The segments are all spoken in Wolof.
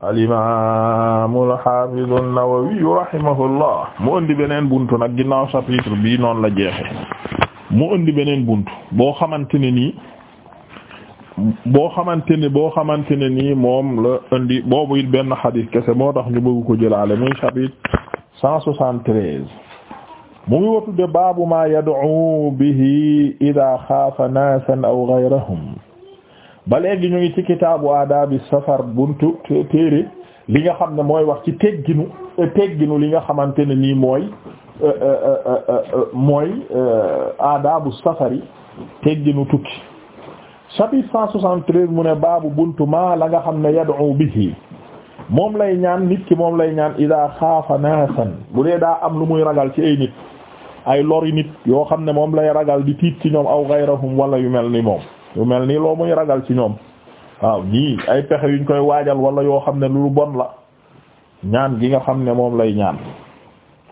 alimamu alhafidu an-Nawawi rahimahullah mu indi beneen buntu nag ginnaaw chapitre bi noonu la jeexe mu indi beneen buntu boo xamante ne nii boo xamante ne boo xamante ne nii moom la indi boobu it benn xadis kese moo tax ñu bëgg ko jëlaale muy chapitre cent soixante-treize mu ngi wotudde baabu ma yad'u bihi ida xaafa nasan aw gayrahum ba léegi ñu ngi ci kitaabu aadaabi safar buntu téere li nga xam ne mooy wax ci tegginu tegginu li nga xamante ne nii mooy euh, euh, euh, mooy aadaabu safari tegginu tukki chapitre cent soixante-treize mu ne baabu buntu maa la nga xam ne yad'u bihi moom lay ñaan nit ki moom lay ñaan ida xaafa naasan bu dee daa am lu muy ragal ci ay nit ay lori nit yoo xam ne moom lay ragal di tiit ci ñoom aw gayrahum wala yu mel ni moom yu mel nii loo muy ragal ci ñoom waaw ñii ay pexe yuñ koy waajal wala yoo xam ne lu bon la ñaan gi nga xam ne moom lay ñaan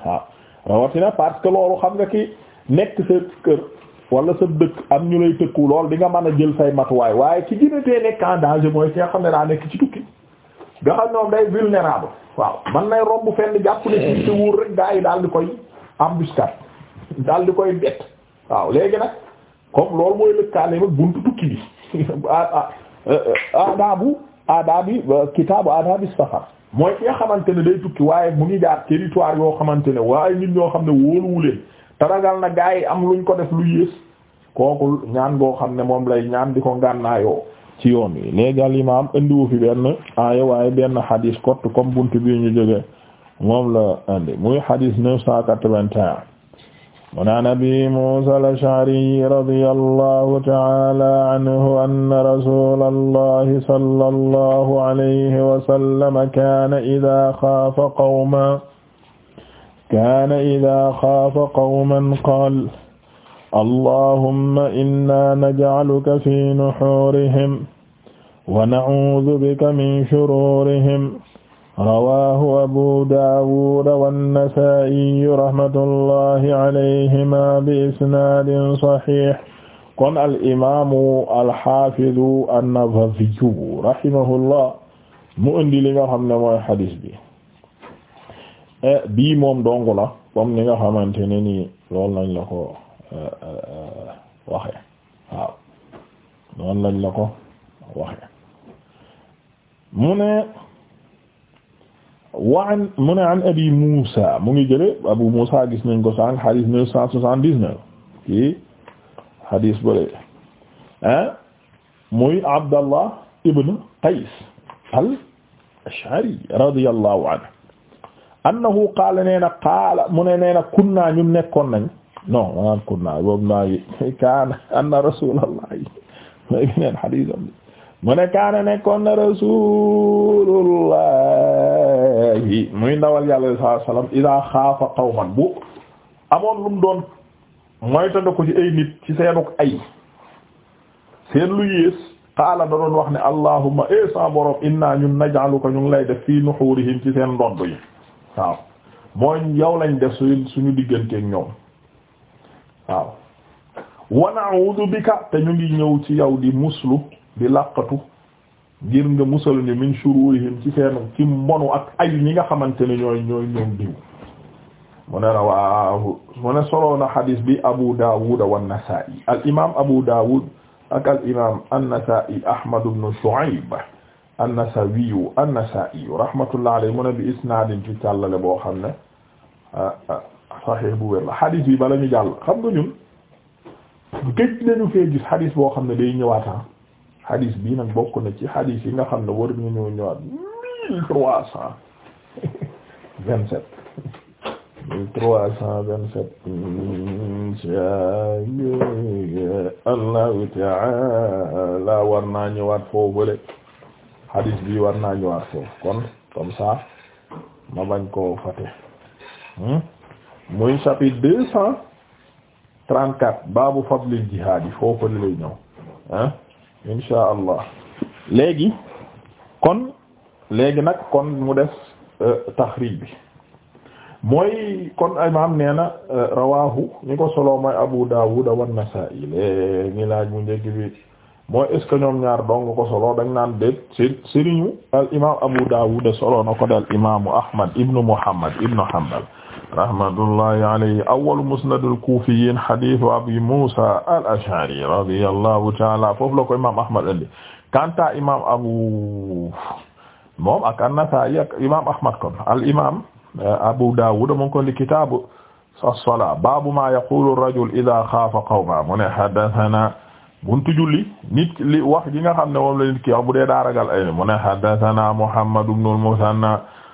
waaw rawatina parce que loolu xam nga ki nekk sa kër wala sa dëkk am ñu lay tëkku lool di nga mën a jël say matuwaay waaye ci gën nekk en danger mooy ki nga xam ne daa nekk ci tukki nga ñoom day vulnérable waaw man nay romb fenn jàpp ne ci wóor rek gaa yi daal di koy embuscade daal di koy bett waaw léegi nag comme loolu mooy lëkkaale mag buntu tukki bi ah, ah, eh, eh, aadaabu aadaabi kitaabu aadaabi safar mooy ki nga xamante ne day tukki waaye mu ngi jaar territoire yoo xamante ne waaye nit ñoo xam ne wóoluwuleen taragal na gaa yi am luñ ko def lu yées kooku ñaan goo xam ne moom lay ñaan di ko ngànnaayoo ci yoon wi léegi al imaam indiwu fi benn aaya waaye benn xadiis kott comme bunt bi ñu jóge moom la indi muy xadiis neuf cent quatre vingt mu naan abi Muusaa al-Ash'ari radiyallahu ta'ala anhu anna rasuulallahi sallallahu alayhi wa sallam kaana idaa xaafa qawman kaana idaa xaafa qawman qaala allahumma innaa naj'aluka fii nuhuurihim wa na'uudu bika min shuruurihim rawaahu abu daawud wannasaa'iyu rahmatullahi alayhima bi isnaadin saxiix kon al imaamu alxaafidu an-Nawawiyu rahimahullah mu indi nga xam ne mooy xadis bi e, bii moom dong la ni nga xamante ne nii loolu lañ la ko e, e, waxee waaw loolu lañ la ko mu ne. waan mu ne an abi abu Muusa gis nañ ko sànq hadis neuf cent soixante-dix-neuf kii hadis bële ah muy Abdallah ibn al-Ash'ari radiyallahu anhu annahu qaala nee na mu ne na kunnaa ñun nekkoon nañ non manaan kunnaa boobu naa kaana anna rasulallahi léegi neen hadisam kaana nekkoon na rasulullah yi muy ndawal yàlla sallallahu alayhi wasallam idaa xaafa qawman bu amoon lu mu doon moytandi ko ci ay nit ci seenuk ay seen lu yées xaala da doon wax ne allahumma e sa borom inna ñun naj'aluka ko ngi lay def fii nuxuurihim ci seen ndodd yi waaw mooy yow lañ def su suñu digganteeg ñoom waaw wa te ñu ngi ñëw ci yow di muslu di làqatu ngir nga musal ñu min shururihim ci seen ci mbonu ak ay ñi nga xamante ne ñooy ñooy ñoom diw mu ne rawaahu mu ne soloo na xadis bi Abu Dawud wa Nasa'i al imam Abu Dawud ak al imam an-Nasa'i Ahmad ibn Shu'ayb an nasai rahmatullah alayhi mu ne bi isnaadin ci càllale boo xam ne ah, ah, sahih bu wér la xadis bi bala ñu jàll xam nga ñun gëj nañu fee gis xadis boo xam ne day ñëwaata ah. hadis bii nag bokk na ci hadis yi nga xam ne war nañoo ñëwaat mille trois cent vingt sept trois cent vingt sept war naa ñëwaat foofu bële hadis bii war naa ñëwaat foofu kon comme ça ma bañ koo fate hmm? muy chapitre deux cent trente quatre baabu fadlil jihaad yi foofu lay ñëw ah insha allah léegi kon léegi nag kon mu des euh, taxrij bi mooy kon imaam nee na euh, rawahu ñi ko solo mooy Abu Dawud wa Nasa'i léegi laaj mu njëkk bi mooy est ce que ñoom ñaar dong ko solo dañ naan déet si sëriñu al imaam Abu Dawud solo na ko dal imaamu Ahmad ibnu Muhammad ibnu Hanbal rahmatullahi alayhi awwalu musnad al-kuufiyyiin hadiisu Abi Muusaa al-Ash'ari radiyallahu ta'aala foofu la ko imaam Ahmad andi kanta imaam Abu moom ak an-Nasaa'i ak imaam Ahmad kon al-imaam eh, Abu Daawuud mu ngi ko li kitaabu as-salaa baabu maa yaquulu ar-rajulu izaa xaafa qawman mu ne haddasanaa buntu julli nit li wax gi nga xam ne moom la nit ki wax bu dee daa ragal ay mu ne haddasanaa Muhammad ibn al-Musanna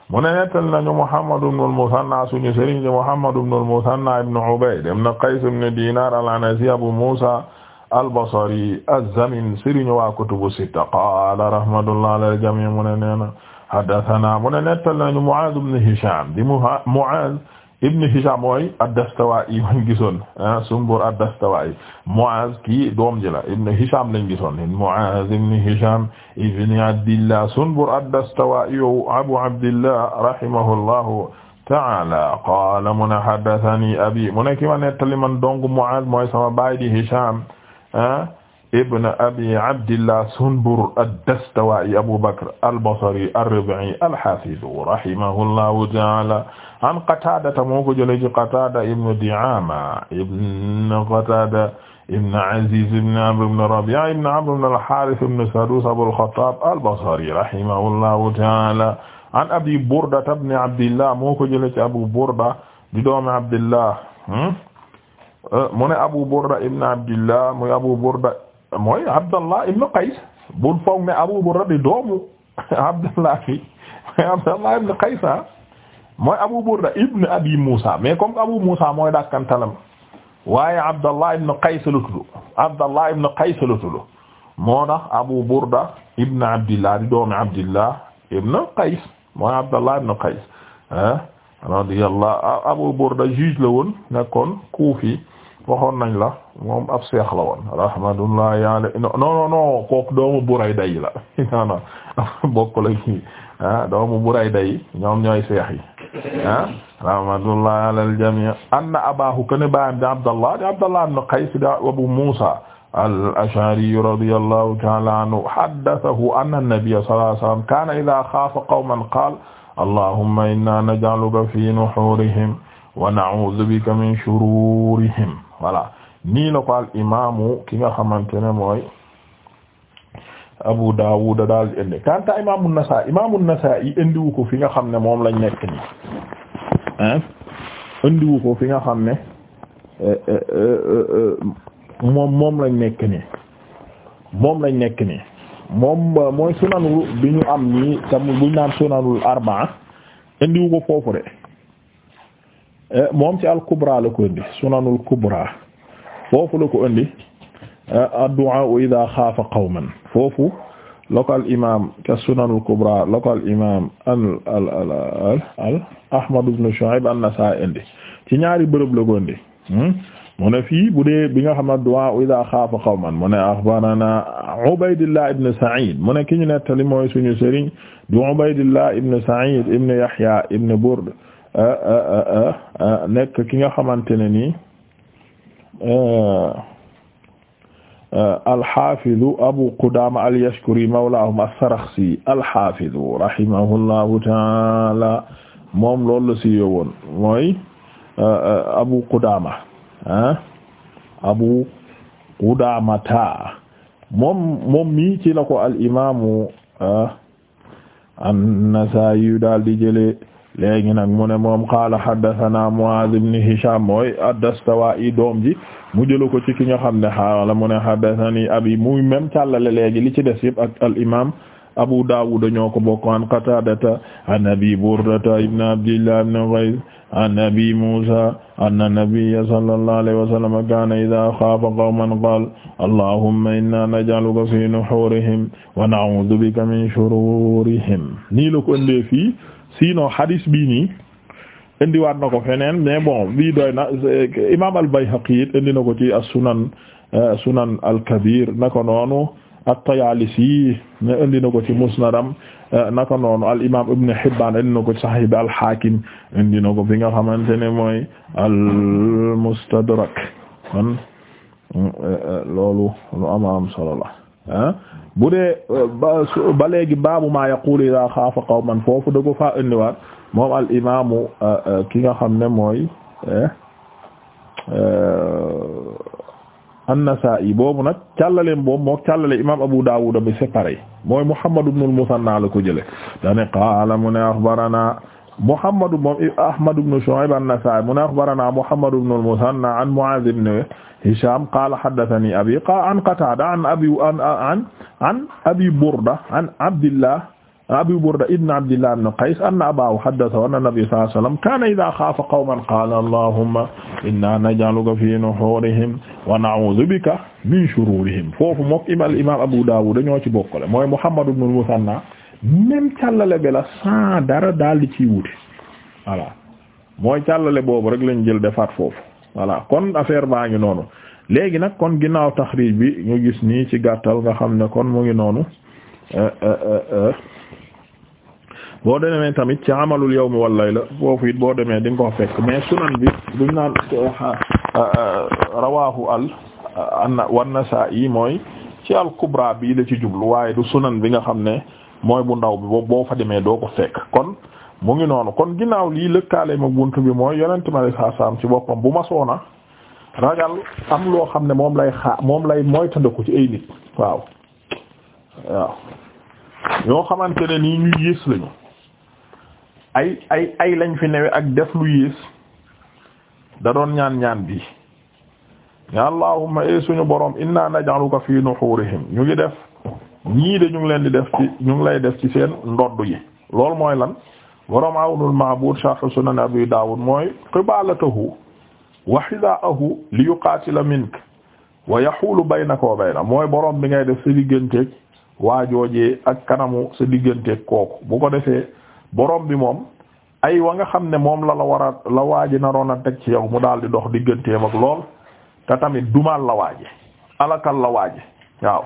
mu ne nettal nañu Muhammad ibn al-Musanna suñu sëriñ di Muhammad ibn al-Musanna ibn Ubayd ibn Qays ibn Dinar al-Anazi Abu Musa al-Basri az-Zamin sëriñ waa kutubu sitta qaala rahmatullah ala al-jami' mu ne nee na haddathana mu ne nettal nañu Mu'az ibn Hisham di Mu'az Ibn Hisham mooy ad-Dastawaa'i man gisoon ah Sumbur ad-Dastawaa'i Mu'aaz kii doom ji la Ibn Hisham lañ gisoon Mu'aaz ibn Hisham ibn Abdillah Sumbur ad-Dastawaa'i Abu Abdillah rahimahullahu ta'ala qaala mun haddathanii abii mu nekk ma nettali man dong Mu'aaz mooy sama baay di Hisham ah ibn abi abdillah sunbur ad-dastuwaa'i abu bakr al-basri ar-rib'i al-haafiz rahimahullahu ta'aala an qataadata moo ko jëlee ci qataada ibn di'aama ibn qataada ibn aziz ibn amr ibn rabi'a ibn amr ibn al-haarith ibn saduus abul khattaab al-basri rahimahullahu ta'aala an abi burda ibn abdillah moo ko jëlee ci abu burda di doomi abdillah hmm? eh, mu ne abu burda ibn abdillah muy abu burda mooy Abdallah ibn Qays bul foog ne Abu Burda di doomu ah. Abu Burda ibn Abi Moussa mais comme Abu Moussa mooy dakkantalam waaye Abdallah ibn Qays la tudd Abdallah ibn Qays la tudd Abu Burda ibn Abdillah di doomi Abdillah ibn Qays mooy Abdallah ibn Qays ah Abu Burda juge la woon waxoon nañ la moom ab seex la woon rahmatullahi ale non non non kooku doomu Burayda yi la non non bokk la kii ah doomu Burayda yi ñoom ñooy seex yi ah rahmatullahi ala aljamii anna abahu kana baayam di Abdallah di Abdallah ibn Qays di Abu Musa al-Ash'ari radiyallahu ta'ala anhu haddathahu anna an-nabiyya sallallahu alayhi wa sallam kana idha khafa qawman qala allahumma inna naj'aluka fi nuhurihim wa na'udhu bika min shururihim voilà nii la ko al imaamu ki nga xamante ne mooy Abu Dawud daal di kanta imaamu Nasaa'i imaamu Nasaa'i indiwu ko fi nga xam ne moom lañ nekk nii indiwu ko fi nga xam ne eh, eh, eh, moom moom lañ nekk nii moom lañ nekk ni moom mooy sunanu bi ñu am nii tam buñ naan sunanul arbaa indiwu ko foofu de Eh, moom ci al-Kubra la ko indi sunanul Kubra foofu la ko indi eh, ad-du'a idha xaafa qawman foofu local imaam ca sunanul Kubra local imaam al al al al Ahmad ibn Shu'ayb an-Nasa'i indi ci ñaari bërëb la ko indi hmm? mu ne fii bu dee bi nga xam ne du'a idha xaafa qawman mu ne akhbarana Ubaydillah ibn Sa'id mu ne ki ñu nettali mooy suñu sëriñ du Ubaydillah ibn Sa'id ibn Yahya ibn Burd Euh, euh, euh, nekk ki nga xamante ne nii alxafidu abu qudama alyashkuri mawlaahum assaraxsi alxafidu rahimahullahu taala moom loolu la siiwee woon mooy abu qudama ah abu qudamata moom moom mii ci la ko al imaamu an-Nasaa'i daal di jëlee. léegi nag mu ne moom qaala haddathana Mu'aaz ibn Hishaam mooy ad-Dastawaa'i doom ji mu jëlu ko ci ki nga xam ne xaala mu ne haddathani abi muy même càllale léegi li ci des yëpp ak al imaam Abu Daawud ñoo ko bokk an Qataadata an Abi Burdata ibn Abdillah ibn Ghays an Abi Muusaa anna nabiyya sallallahu alayhi wa sallam kaana idhaa khaafa qawman qaala allahumma innaa naj'aluka fii nuhuurihim wa na'uudhu bika min shuruurihim nii la ko ëndee fii sinon hadis bii nii indiwaat na ko feneen mais bon bii doy na imaam al-Bayhaqi indi na ko ci as-Sunan euh, Sunan al-Kabir naka noonu at-Tayaalisi indi na ko ci Musnadam euh, naka noonu al-imaam Ibn Hibbaan indi na ko ci Sahih al-Haakim indi na ko fi nga xamante ne mooy al-Mustadrak kon euh, loolu lu am am solo la bu dee euh, ba ba léegi baabu maa yaqulu idaa xaafa qawman foofu da ko indiwaat moom al imaamu euh, euh, ki nga xam ne mooy eh, an-Nasaa'i boobu na càllaleem boobu moo càllale imaam Abu Daawuda bi c'est pareil mooy Muhammad ibn al-Musanna la ko jële dane qaala mu ne axbarana Muhammad moom Ahmad ibn Shu'ayb an-Nasaa'i mu ne axbarana Muhammad ibn al-Musanna an Mu'aaz Hisham qala haddathani abi qala an Qatada an abi an an abi Burda an Abdillah abi Burda ibn Abdillah ibn Qays anna abahu haddathahu anna nabiyya sallallahu alayhi wa sallam kana idha khafa qawman qala allahumma inna naj'aluka fi nuhurihim wa na'udhu bika min shururihim foofu mook imal imam Abu Dawud dañoo ci bokkale mooy Muhammad ibn al-Musanna même càllale bi la sans dara daal di ciy wuute voilà mooy càllale boobu rek lañ jël defaat foofu voilà kon affaire baa ngi noonu léegi nag kon ginnaaw taxriij bi ñu gis nii ci gàttal nga xam ne kon mu ngi noonu euh, euh, euh, boo demee tamit ci amalul yawmi wal layla foofu it boo demee di nga ko fekk mais sunan bi duñ naan rawahu al anna wan-Nasaa'i mooy ci al kubra bii la ci jublu waaye du sunan bi nga xam ne mooy bu ndaw bi boobu boo fa demee doo ko fekk kon mu ngi noonu kon ginnaaw lii lëkkaale ma buntu bi mooy yonent ma saa saam ci boppam bu ma soona ragal am loo xam ne moom lay xaa moom lay moytandiku ci ay nit waaw waaw yoo xamante ne nii ñu yées lañu ay ay ay lañ fi newe ak def lu yées da doon ñaan ñaan bi ya allahumma e suñu boroom inna naj'aluka fi nuhurihim ñu ngi def ñii de ñu ngi leen di def ci ñu ngi lay def ci seen ndodd yi loolu mooy lan borom awnul ma'bud sharh sunan abi dawud mooy qibalatahu wa hidaahu li yuqatila mink wa yahulu baynaka wa bayna mooy boroom bi ngay def sa digganteeg waajoojee ak kanamu sa digganteeg kooku bu ko defee boroom bi moom ay wa nga xam ne moom la la war a la waaji naroon a teg ci yow mu daal di dox digganteem ak lool te tamit dumaal la waaje alakal la waaje waaw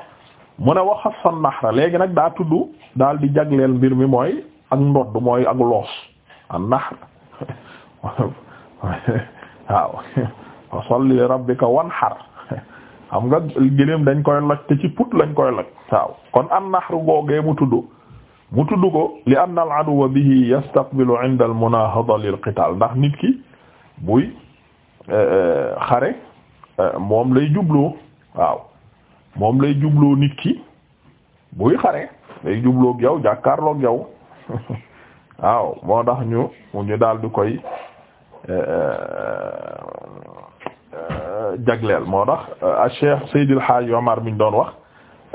mu ne waxasan nahra léegi nag daa tudd daal di jagleel mbir mi mooy ak ndodd mooy ak loos an nahr waaw wa salli li rabbika wanhar xam nga gëléem dañ koy loj te ci put lañ koy loj waaw kon an nahr googee mu tudd mu tudd ko li anna al aduwa bihi yastaqbilu inda al munahada lil qital ndax nit ki buy eh, eh, xare eh, moom lay jubloo waaw moom lay jubloo nit ki buy xare lay jubloo yow jàkkaarloo yow waaw moo tax ñu daal di koy eh, eh, eh, jagleel moo tax Cheikh Seydil Hadji Omar mi ñu doon wax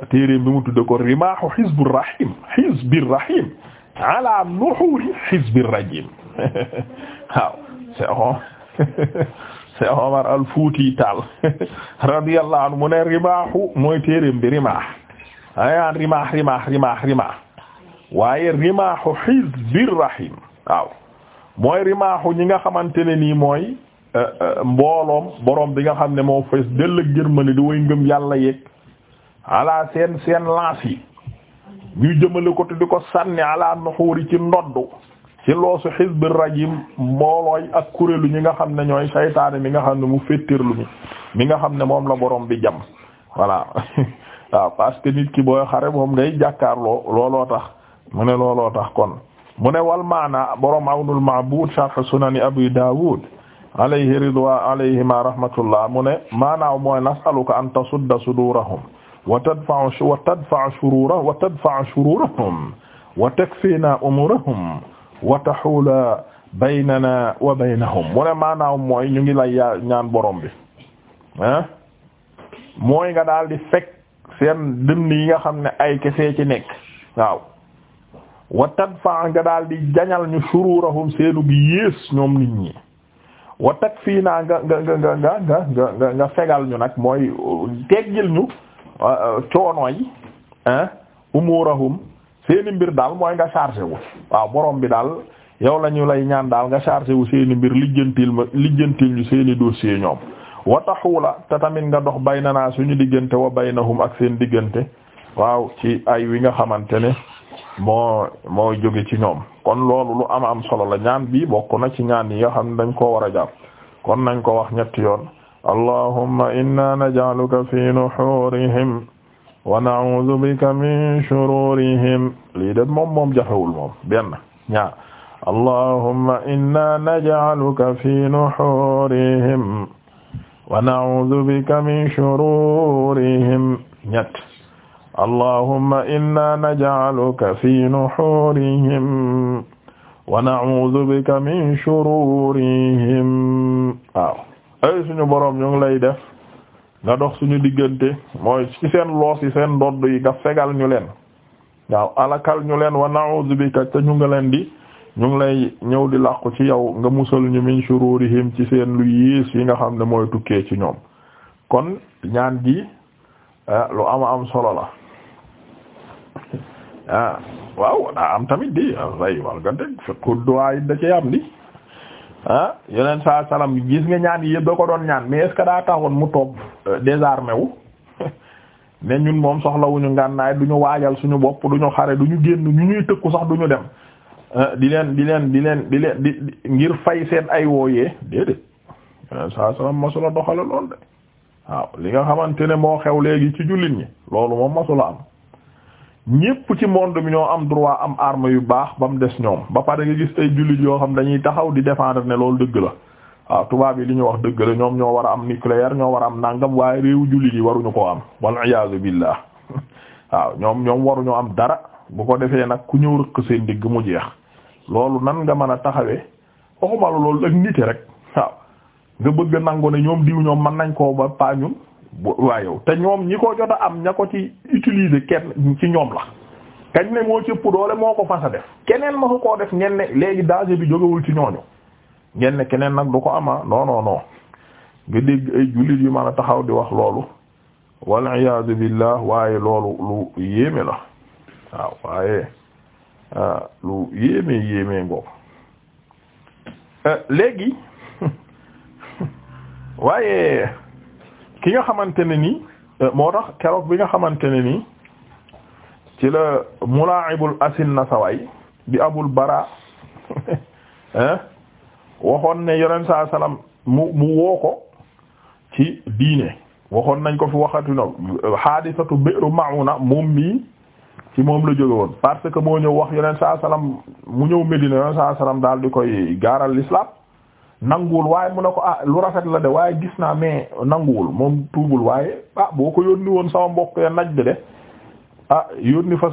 téereem mu tudde ko rimaahu hizbir rahim hizbir rahim ala nuhuri hizbir al Fuuti Taal radiyallahu mu ne rimaahu mooy téereem bi rimaah ay rimaax rimaax rimaax waaye rimaaxu hizbir rahim waaw mooy rimaaxu ñi nga xamante ne nii mooy euh, euh, mbooloom borom bi nga xam ne moo fees dell ak jërmani di way ngëm yàlla yeeg ala seen seen lance yi ñuy jëmale ko te di ko sànni ala nuxuuri ci ndodd ci loosu xisbir rajim mboolooy ak kuréelu ñi nga xam ne ñooy saytaane mi nga xam ne mu féttirlu mi mi nga xam ne moom la borom bi jam voilà waaw parce que nit ki booy xare moom ngay jàkkaarloo looloo tax mu ne looloo tax kon mu ne wal maana borom awnul ma'bud sharh sunani abi dawud alayhi ridwa alayhima rahmatullah mu ne maanaaw mooy nasaluka an tasudda sudurahum wa tadfa'u wa tadfa'u wa tadfa'u shururahum wa takfina umurahum wa tahula baynana wa baynahum mooy ñu ngi lay ñaan borom bi mooy nga daal di fekk seen dënn yi nga xam ne ay kese ci nekk wa fa nga daal di jañal ñu sururahum seenu gi yées ñoom nit ñi wa takfiina fii naa nga nga nga nga fegal ñu nag mooy teggil ñu euh, euh, coono yi umurahum seeni mbir daal mooy nga chargé wu waaw borom bi daal yow la lay ñaan daal nga chargé wu seeni mbir lijjantil ma lijjantil ñu seeni dossier ñoom wa taxuula te tamit nga dox naa suñu diggante wa baynahum ak seen diggante waaw ci ay wi nga xamante ne moo moo jóge ci ñoom kon loolu lu am am solo la ñaan bi bokk na ci ñaan yi xam ne dañ koo war a jàpp kon nañ ko wax ñetti yoon allahumma inna naj'aluka fi nuhurihim wa na'udhu bika min shururihim lii de moom moom jafewul moom benn ñaar allahumma inna naj'aluka fi nuhurihim wa na'udhu bika min shururihim ñett allahumma inna naj'aluka fi nuhurihim wa na'uudu bika min shururihim waaw ay suñu boroom ñu ngi lay def nga dox suñu diggante mooy ci seen loos yi seen dodd yi nga fegal ñu leen waaw alakal ñu leen wa na'uudu bika te ñu nga leen di ñu ngi lay ñëw di làqu ci yow nga musal ñu min shururihim ci seen lu yiis yi nga xam ne mooy tukkee ci ñoom kon ñaan gi eh, lu ama am solo la ah waaw daa am tamit di way ah, wal nga da ci am di ah yeneen saa salaam gis nga ñaan yi yëpp da ko doon ñaan mais est daa taxoon mu toog euh, désarmé wu ne ñun moom soxlawuñu ngànnaay du ñu waajal suñu bopp du ñu xare du ñu génn ñu ñuy tëkku sax du dem ah, di leen di leen di leen di leen di ngir fay seen ay wooyee déedéet yeneen saa salaam masula doxale lool de waaw li nga xamante ne moo xew léegi ci jullit ñi loolu moom masula am ñépp ci monde mi ñoo am droit am arme yu baax ba mu des ñoom ba pare nga gis ay jullit yoo xam dañuy taxaw di défendre ne loolu dëgg la waaw tubaab yi li ñu wax dëgg la ñoom ñoo war a am nucléaire ñoo war a am nangam waaye réewu jullit yi waruñu koo am wal iyaazu billah waaw ñoom ñoom waruñoo am dara bu ko defee nag ku ñëw rëq seen digg mu jeex loolu nan nga mën a taxawee waxuma la loolu ak yi rek waaw nga bëgg nangu ne ñoom diw ñoom man nañ koo paa ñun waa yow te ñoom ñi ko jot a am ña ko ci utiliser kenn ci ñoom la kañ ne moo cëpp doole moo ko a def keneen ma ko koo def ngeen ne léegi danger bi jógewul ci ñooñu ngeen ne keneen nag du ko ama ah. non non non nga dégg ay jullit yu mën a taxaw di wax loolu wal iyaadu billah waaye loolu lu yéeme la waaw waaye ah, lu yéeme yéeme ngoog eh, léegi waaye ki nga xamante ne nii euh, moo tax keroog bi nga xamante ne nii ci la mulaayibul asin na saway di abul bara waxoon ne yoneen saasalam mu mu woo ko ci diine waxoon nañ ko fi waxatu na xaadisatu bi'ru mauna moom mii ci moom la jóge woon parce que moo ñëw wax yoneen saa salaam mu ñëw Medina yoneen saa daal di koy gaaral l'islam nanguwul waaye mu ne ko ah lu rafet la de waaye gis naa mais nanguwul moom tuubul waaye ah boo ko yónni woon sama mbokk ya naj bi de ah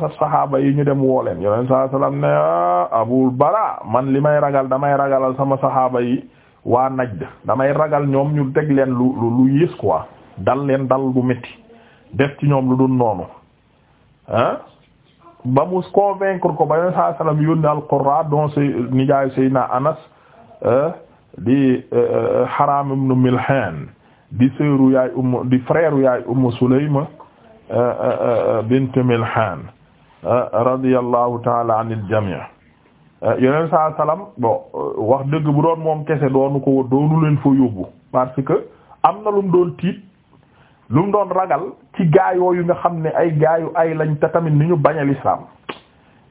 saxaaba yi ñu dem wooleen yoneen saa salaam ah, man li may ragal damay ragalal sama saxaaba yi waa najd damay ragal ñoom ñu teg leen lu lu lu yées quoi dal leen dal bu métti def ci ñoom lu dul noonu ah ba mu convaincre ko ba yoneen saa salaam yónni al qurra donc nijaay Seydina Anas di eh, eh, Haram ibn Milhan di sœuru yaay Umm di frère yaay Umm Sulaym eh, bint Milhan radiyallahu ta'ala anil jami' yeneen saa salaam bon wax dëgg bu doon moom kese doonu ko doonu leen fa yóbbu parce que am na lu mu doon tiit lu mu doon ragal ci gaayoo yu nga xam ne ay gaayu ay lañ te tamit ni ñu bañal islam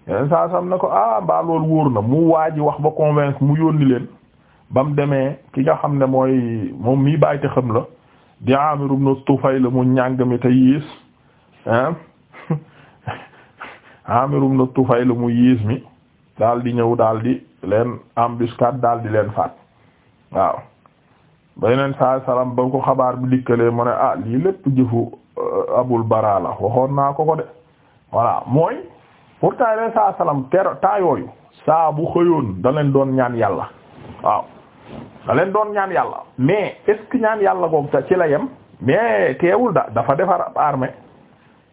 yeneen saa salaam ne ko ah mbaa loolu wóor na mu waaji wax ba convaincre mu yónni leen ba mu demee ki nga xam ne mooy moom mii bàyte xam la di Amir ibn Tufayl mu ñàng mi te yiis ah Amir ibn Tufayl mu yiis mi daal di ñëw daal di leen embuscade daal di leen faat waaw ba yeneen saa salaam ba ko xabaar bi dikkalee mu ne ah lii lépp jëfu euh, Abul Bara la waxoon naa ko ko de voilà mooy pourtant yeneen saa salaam ter taa yooyu saa bu xëyoon da doon ñaan yàlla waaw da leen doon ñaan yàlla mais est ñaan yàlla boobu ta ci la yem mais teewul da dafa defar ab armée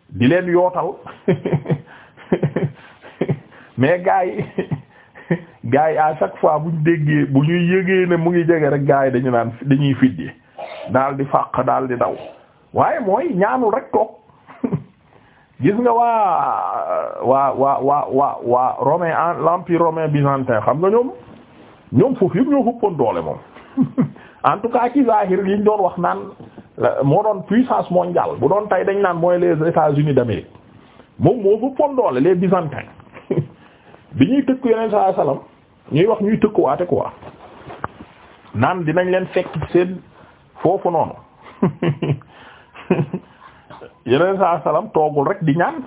di leen yootal mais gars yi gars yi à chaque fois bu ñu déggee bu ñuy ne mu ngi jege rek gars yi dañu naan dañuy fiddi daal di fàq daal di daw waaye mooy ñaanul rek toog gis nga waa waa waa waa waa waa romain l'empire romain byzantin xam nga ñoom ñoom foofu yëpp ñoo fëppoon doole moom en tout cas ci zahir yi ñu doon wax naan moo doon puissance mondiale bu doon tey dañ naan mooy les États-Unis d'Amérique moom moo fëppoon doole les byzantins bi ñuy tëkk yeneen saa salaam ñuy wax ñuy tëkkuwaate quoi naan dinañ leen fekk seen foofu noonu yeneen saa salaam toogul rek di ñaan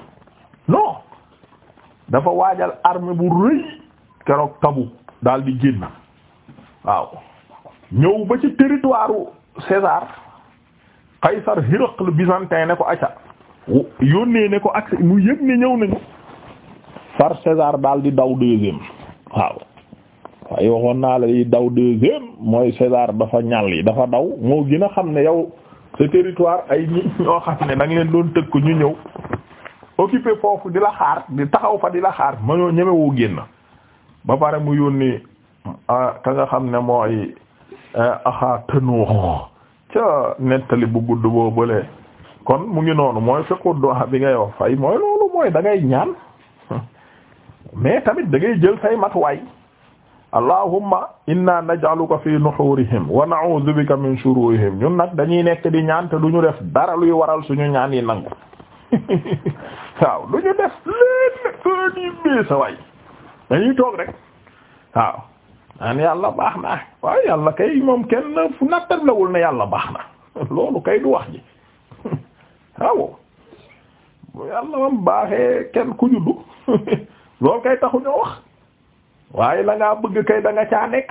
non dafa waajal arme bu rëy keroog Tabuk. daal di génn waaw ñëw ba ci territoire César Qaysar Hiraql byzantin ne ko acca yónnee ne ko accès mu yëg ne ñëw nañu far César daal di daw deuxième waaw waaye waxoon naa la yi daw deuxième mooy César dafa ñal yi dafa daw moo gën a xam ne yow sa territoire ay ñi ñoo xam ne da leen doon tëkk ñu ñëw occupé foofu di la xaar di taxaw fa di la xaar ma ñoo ñemewoo génn ba pare mu yónni ka nga xam ne mooy eh, axaa tënuux ca nettali bu gudd boo bële kon mu ngi noonu mooy fekku du'a bi ngay wax fay mooy loolu mooy da ngay ñaan mais tamit da ngay jël say matuwaay allahumma inna naj'aluka fi nuhurihim wa na'udhu bika min shururihim ñun nag dañuy nekk di ñaan te du ñu def dara luy waral suñu ñaan yi nangu waaw du ñu def leen sa waay dañuy toog rek waaw naan yàlla baax na waaye yàlla kay moom kenn fu na yàlla baax na loolu kay du wax ji waaw yàlla moom baaxee kenn ku juddu loolu kay taxu ñoo wax waaye la ngaa bëgg kay danga nga caa nekk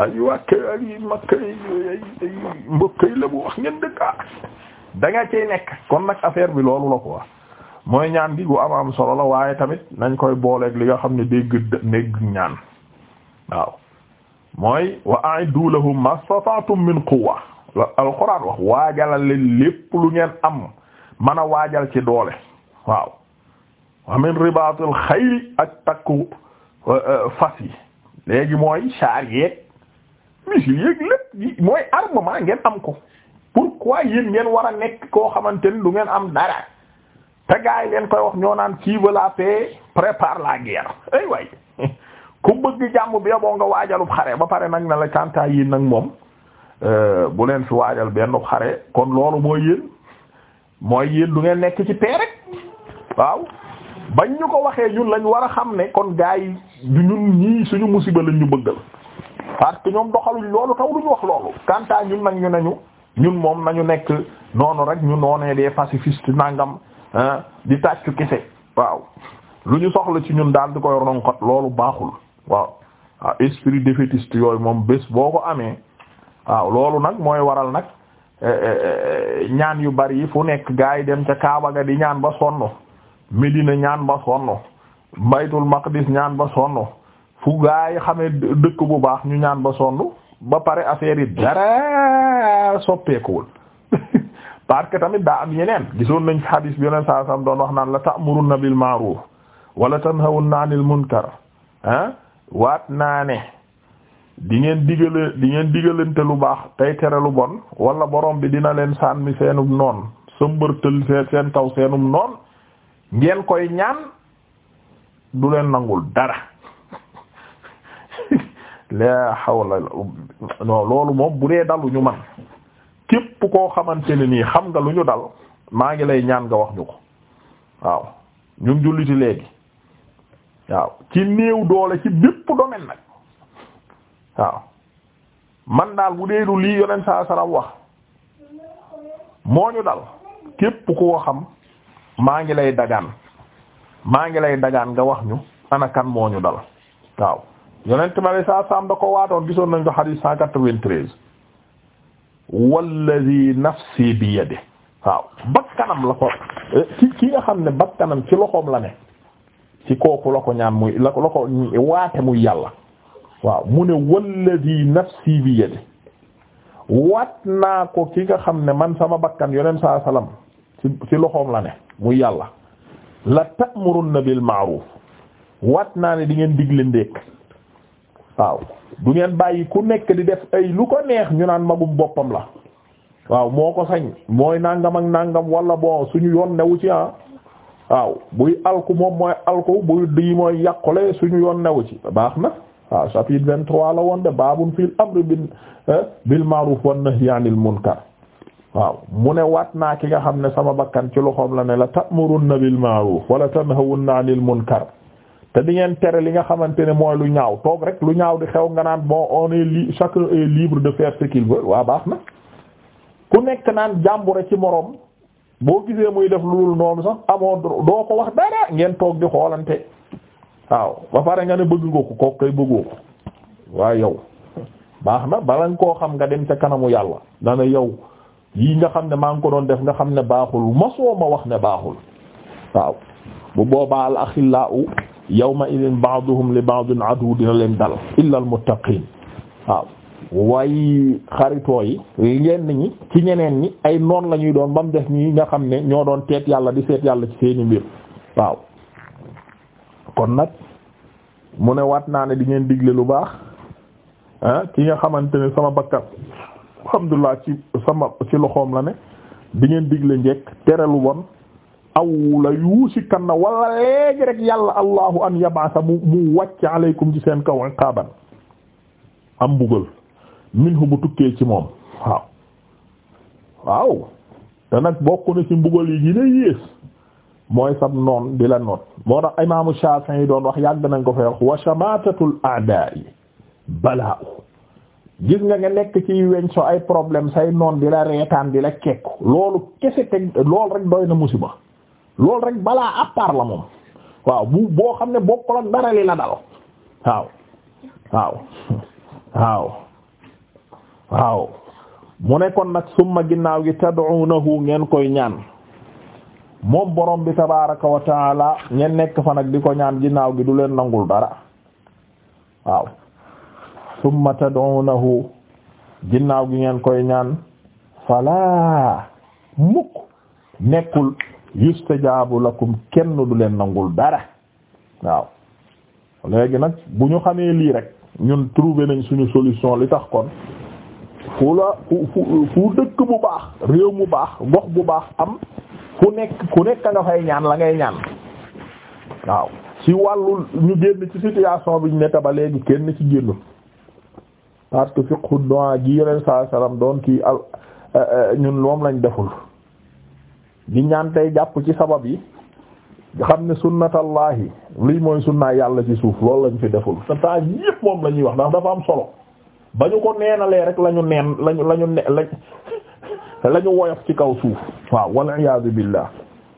ay wàkk ay makk ay mbëkkay la bu wax ngeen dëkka da ciy nekk kon nag affaire bi loolu la ko wax mooy ñaan gi gu am am solo la waaye tamit nañ koy booleeg li nga xam ne dégg ñaan waaw mooy wa a'iddu lahum mastata'tum min quwwa la alquran wax waajalal leen lu ngeen am mën a waajal ci doole waaw wa min ribaatil xayli ak takku e, fas yi léegi mooy char yeeg missile yeeg lépp mooy armement ngeen am ko pourquoi yéen ngeen war a nekk koo xamante ni du ngeen am dara te gars yi leen koy wax ñoo naan qui veut la paix prépare la guerre ay way ku bëgg jàmm bi boo nga waajalub xare ba pare nag na la cantaa yi nag moom euh, bu leen fi waajal benn xare kon loolu mooy yéen mooy yéen du ngeen nekk ci paix rek waaw bañ ñu ko waxee ñun lañ war a xam ne kon gars yi du ñun ñii suñu musiba lañ ñu bëggal parce que ñoom doxaluñ loolu taw duñu wax loolu cantaa ñun nag ñu nañu ñun moom nañu nekk noonu rek ñu noonee des pacifistes nangam di tàccu kese waaw lu ñu soxla ci ñun daal di koy ronkat loolu baaxul waaw waaw ah, esprit défaitiste yooyu moom bés boo ko amee waaw loolu nag mooy waral nag eh, eh, eh, ñaan yu bari yi fu nekk gaa yi dem ca Kaaba ga di ñaan ba sonn Medina ñaan ba sonn Baytul Maqdis ñaan ba sonno fu gaa yi xamee dëkk bu baax ñu ñaan ba sonn ba pare affaire yi dara soppeekuwul parce que tamit daa am yeneen gisoon nañ ci hadis bi yeneen doon wax naan la ta'muruna bil ma'ruf wala tanhawunna 'anil munkar ah waat naa ne di ngeen digale di ngeen digalante lu baax tey tere lu bon wala borom bi dina leen sànni seenum noon sëmbërtël seen seen kaw seenum noon ngeen koy ñaan du leen nangul dara la hawla non loolu moom bu dee dalu ñu man képp koo xamante ne nii xam nga lu ñu dal maa ngi lay ñaan nga wax ñu ko waaw ñun julliti léegi waaw ci néew doole ci bépp domaine nag waaw man daal bu dee du lii yonent saa salaam wax moo ñu dal képp koo xam maa ngi lay dagaan maa ngi lay dagaan nga wax ñu ana moo ñu dal waaw yonent ma lay saa salaam da ko waatoon gisoon nañ ko hadith cent quatre-vingt-treize walladi nafsi bi yadihi waaw bakkanam la ko ki nga xam ne bakkanam ci loxoom la ne ci kooku la ko ñaan muy la ko la ko waate muy yàlla waaw mu ne walladi nafsi bi yadihi waat naa ko ki nga xam ne man sama bakkan yoneen saa salaam ci loxoom la ne muy yàlla la ta'murunna bil ma'ruf waat naa ne di ngeen digle ndékk waaw du ngeen bàyyi ku nekk di def ay lu ko neex ñu naan magum boppam la waaw moo ko sañ mooy nangam ak nangam wala bon suñu yoon newu ci ah waaw buy alku moom mooy alku buy di mooy yàqule suñu yoon newu ci baax na waaw chapitre vingt-trois la woon de baabun fil amri bil eh, bil ma'ruf wan nahyi anil munkar waaw mu ne waat naa ki nga xam ne sama bakkan ci loxoom la ne la ta ta'murunna bil ma'ruf wala tanhawunna anil munkar te di ngeen tere li nga xamante ne mooy lu ñaaw toog rek lu ñaaw di xew nga naan boo on est li chacun libre de faire ce waa baax na ku nekk naan jàmbure ci moroom boo gisee muy def lu dul noonu sax amoo doo ko wax dara ngeen toog di xoolante waaw ba pare nga ne bëgg nga ko kooku kay bëggoo ko waaye yow baax na bala nga koo xam nga dem ca kanamu yàlla na ne yow yii nga xam ne maa ngi ko doon def nga xam ne baaxul mosoo ma wax ne baaxul waaw yawma idin ba'duhum li ba'din adu dina leen dal illa al-muttaqiin waaw waaye xaritoo yi yenn ñi ci ñeneen ñi ay noon la ñuy doon ba mu def ñi nga xam ne ñoo doon teet yàlla di seet yàlla ci seeni mbir waaw kon nag mu ne waat naa ne di ngeen digle lu baax ah, ki nga xamante ne sama bakkat alhamdulilah ci sama ci loxoom la ne di ngeen digle njekk tere lu bon aw la yuusikanna wala léegi rek yàlla allahu an yab'atha mu mu wàcc aleykum ci seen kaw iqaaban am bugal minhu bu tukkee ci moom waaw waaw te nag bokk na ci mbugal yi gën yées mooy sab noon di la noot moo tax imaamu Shafi'i yi doon wax yàgg nañ ko fay wax wa shamatatul a'da'i bala'u gis nga nga nekk ci weñ so ay problème say noon di la reetaan di la kekku loolu kese teg loolu rek doy na musiba loolu rek balaa à la moom waaw bu boo xam ne bokkul ak dara li la dal waaw waaw waaw mu nekkoon nag summa ginnaaw gi tad'unahu ngeen koy ñaan moom borom bi tabaraka wa taala ngeen nekk fa nag di ko ñaan ginnaaw gi du leen nangul dara waaw summa tad'unahu ginnaaw gi ngeen koy ñaan fala mukk nekkul yustajabu lakum kenn du leen nangul dara waaw léegi nag bu ñu xamee lii rek ñun trouver nañ suñu solution li tax kon fu la fu fu dëkk bu baax réew mu baax gox bu baax am fu nekk ku nekk nga fay ñaan la ngay ñaan waaw si wàllu ñu génn ci situation bi ñu ne ba léegi kenn ci génn parce que fiqhu du'a ji yeneen saa salaam doon kii al euh, euh, ñun moom lañ deful. di ñaan tey jàpp ci sabab yi xam ne sunnatallahi lii mooy sunnaa yàlla ci suuf loolu lañ fi deful sa temps yëpp moom la ñuy wax ndax dafa am solo ba ñu ko neenalee rek la ñu neen lañu ne la woyof ci kaw suuf waaw wal iyaadu billah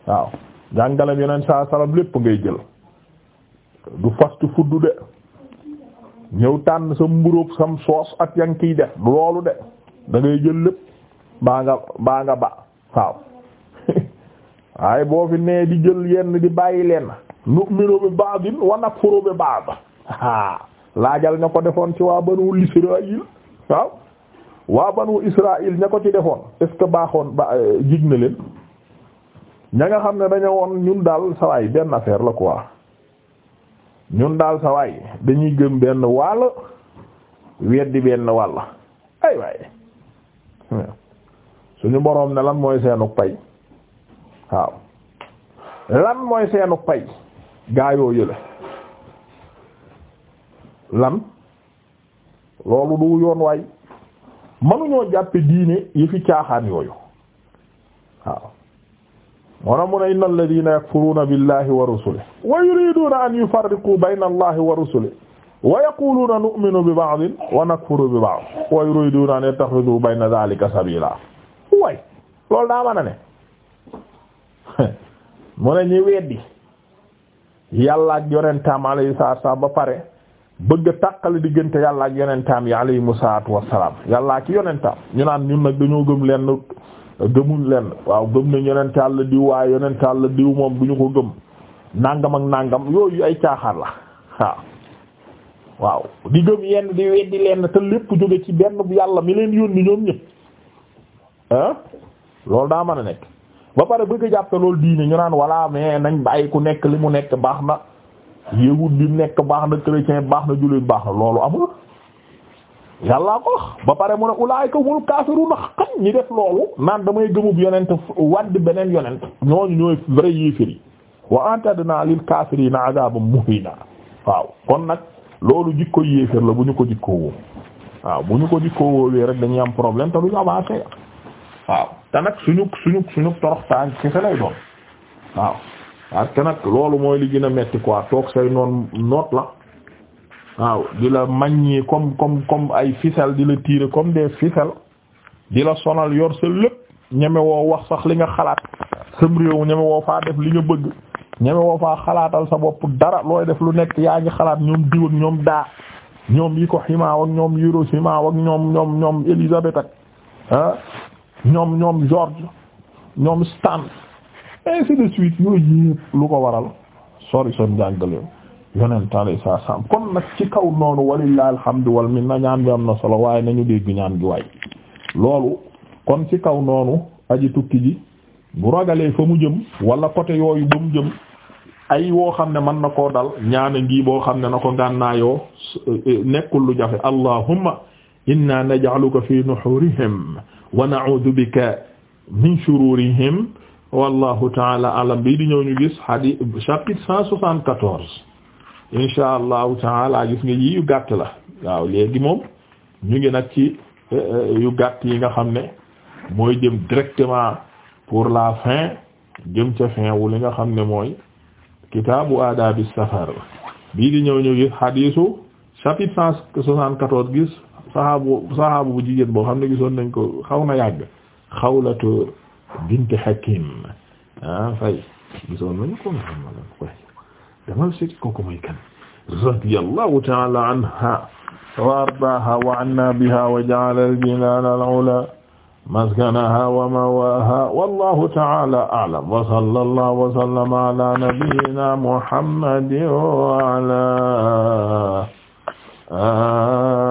waaw jàngalem yeneen saa salam lépp ngay jël du fast food de ñëw tànn sa mburóob sam soos ak yang kiy def loolu de da ngay jël lépp baa nga baa nga ba waaye boo fi nee di jël yenn di bàyyi leen nu'minu bi ba'din wa nakfuru bi ba'd laajal ña ko defoon ci waa banu Israil waaw waa banu Israil ña ko ci defoon est-ce que baaxoon ba euh, jig na leen ña nga xam ne dañoo woon ñun daal sawaay benn affaire la quoi ñun daal sawaay dañuy gëm benn wàll weddi benn la ay waaye hmm. suñu boroom ne lan mooy seenu pay waaw lan mooy seenu pay gaayoo yële lan loolu du yoon waay mënuñoo jàppe diine yi fi caaxaan yooyu waaw wana mun a inna alladina yakfuruna billahi wa rusulihi wa yuriduna an yufarriqu bayna allahi wa rusulihi wa yaquluna nu'minu bi ba'din wa nakfuru bi ba'd wa yuriduna an yattakhidhu bayna dhalika sabila way loolu daa mën ne mu ne ñi weddi yàlla ak yonentaam alayhi salaatu wassalaam ba pare bëgg a tàqale diggante yàlla ak yonentaam yi alayhimu salaatu wassalaam yàlla ak yonentaam ñu naan ñun nag dañoo gëm lenn gëmul lenn waaw gëm nañ yonent Yàlla diw waaye yonent Yàlla diw moom du ñu ko gëm nàngam ak nàngam yooyu ay caaxaan la waaw waaw di gëm yenn di weddi lenn te lépp jóge ci benn yàlla mi leen yónni ñoom ñëpp ah loolu daa man a nekk ba pare bëgg a jàppe loolu diine ñu naan walla mais nañ bàyyi ku nekk li mu nekk baax na yewut bi nekk baax na chrétien baax na jullit baax na loolu amul yàllaa ko ba pare mu ne ulaayika wul kaafiruun xañ ñi def loolu naan damay gëmub yonent wadd beneen yonent ñooñu ñooy vrai yéefér yi wa antadna na kaafiriina adaaban muhiina waaw kon nag loolu jikko yéefér la bu ñu ko jikkoo woo waaw bu ñu ko jikkoo woowee rek dañuy am problème te waaw te nag suñu suñu suñu toroxtaan kese lay doon waaw parce que nag loolu mooy li gën a metti quoi toog say noon noot la waaw di la maññi comme comme comme ay ficelle di la tirer comme des ficelles di la sonal yor sa lépp ñeme woo wax sax li nga xalaat sam réew ñeme woo faa def li nga bëgg ñeme woo faa xalaatal sa bopp dara looy def lu nekk yaa ngi xalaat ñoom diw ak ñoom daa ñoom yi ko ximaaw ak ñoom Hiroshima ak ñoom ñoom ñoom Elisabeth ak ah, ñoom ñoom George ñoom Stan ainsi de suite yooyu lu ko waral sori son jàngale yonentaale saa saam kon nag ci kaw noonu walillahi alhamdu wal minna ñaan bi am na solo waaye nañu dégg ñaan gi waay loolu kon ci kaw noonu aji tukki ji bu ragalee fa mu jëm wala côté yooyu ba mu jëm ay woo xam ne mën na ko dal ñaana ngi boo xam ne na ko gànnaayoo euh, euh, nekkul lu jafe allahumma inna naj'aluka fi nuhurihim wa na'uudu bika min shururihim wallahu taala alam bii di ñëw ñu gis hadith chapitre cent soixante quatorze insha allahu taala gis nga yi yu gàtt la waaw léegi moom ñu ngi nag ci eh, eh, yu gàtt yi nga xam ne mooy jëm directement pour la fin jëm ca fin wu li nga xam ne mooy kitaabu aadaabi safar bii di ñëw ñu gis hadithu chapitre cent quatorze gis saxaabu saxaabu bu jigéen boo xam ne gisoon nañ ko xaw na yàgg xawlatu bint Hakim ah fay gisoon nañ ko nga xam ne koy demal seeti kooku mooy kan radiyallahu ta'ala anha wa ardaaha wa anna biha wa ja'ala al-jinaana al-'ulaa maskanaha wa mawaaha wallahu ta'ala a'lam wa sallallahu wa sallama ala nabiyyina Muhammadin wa ala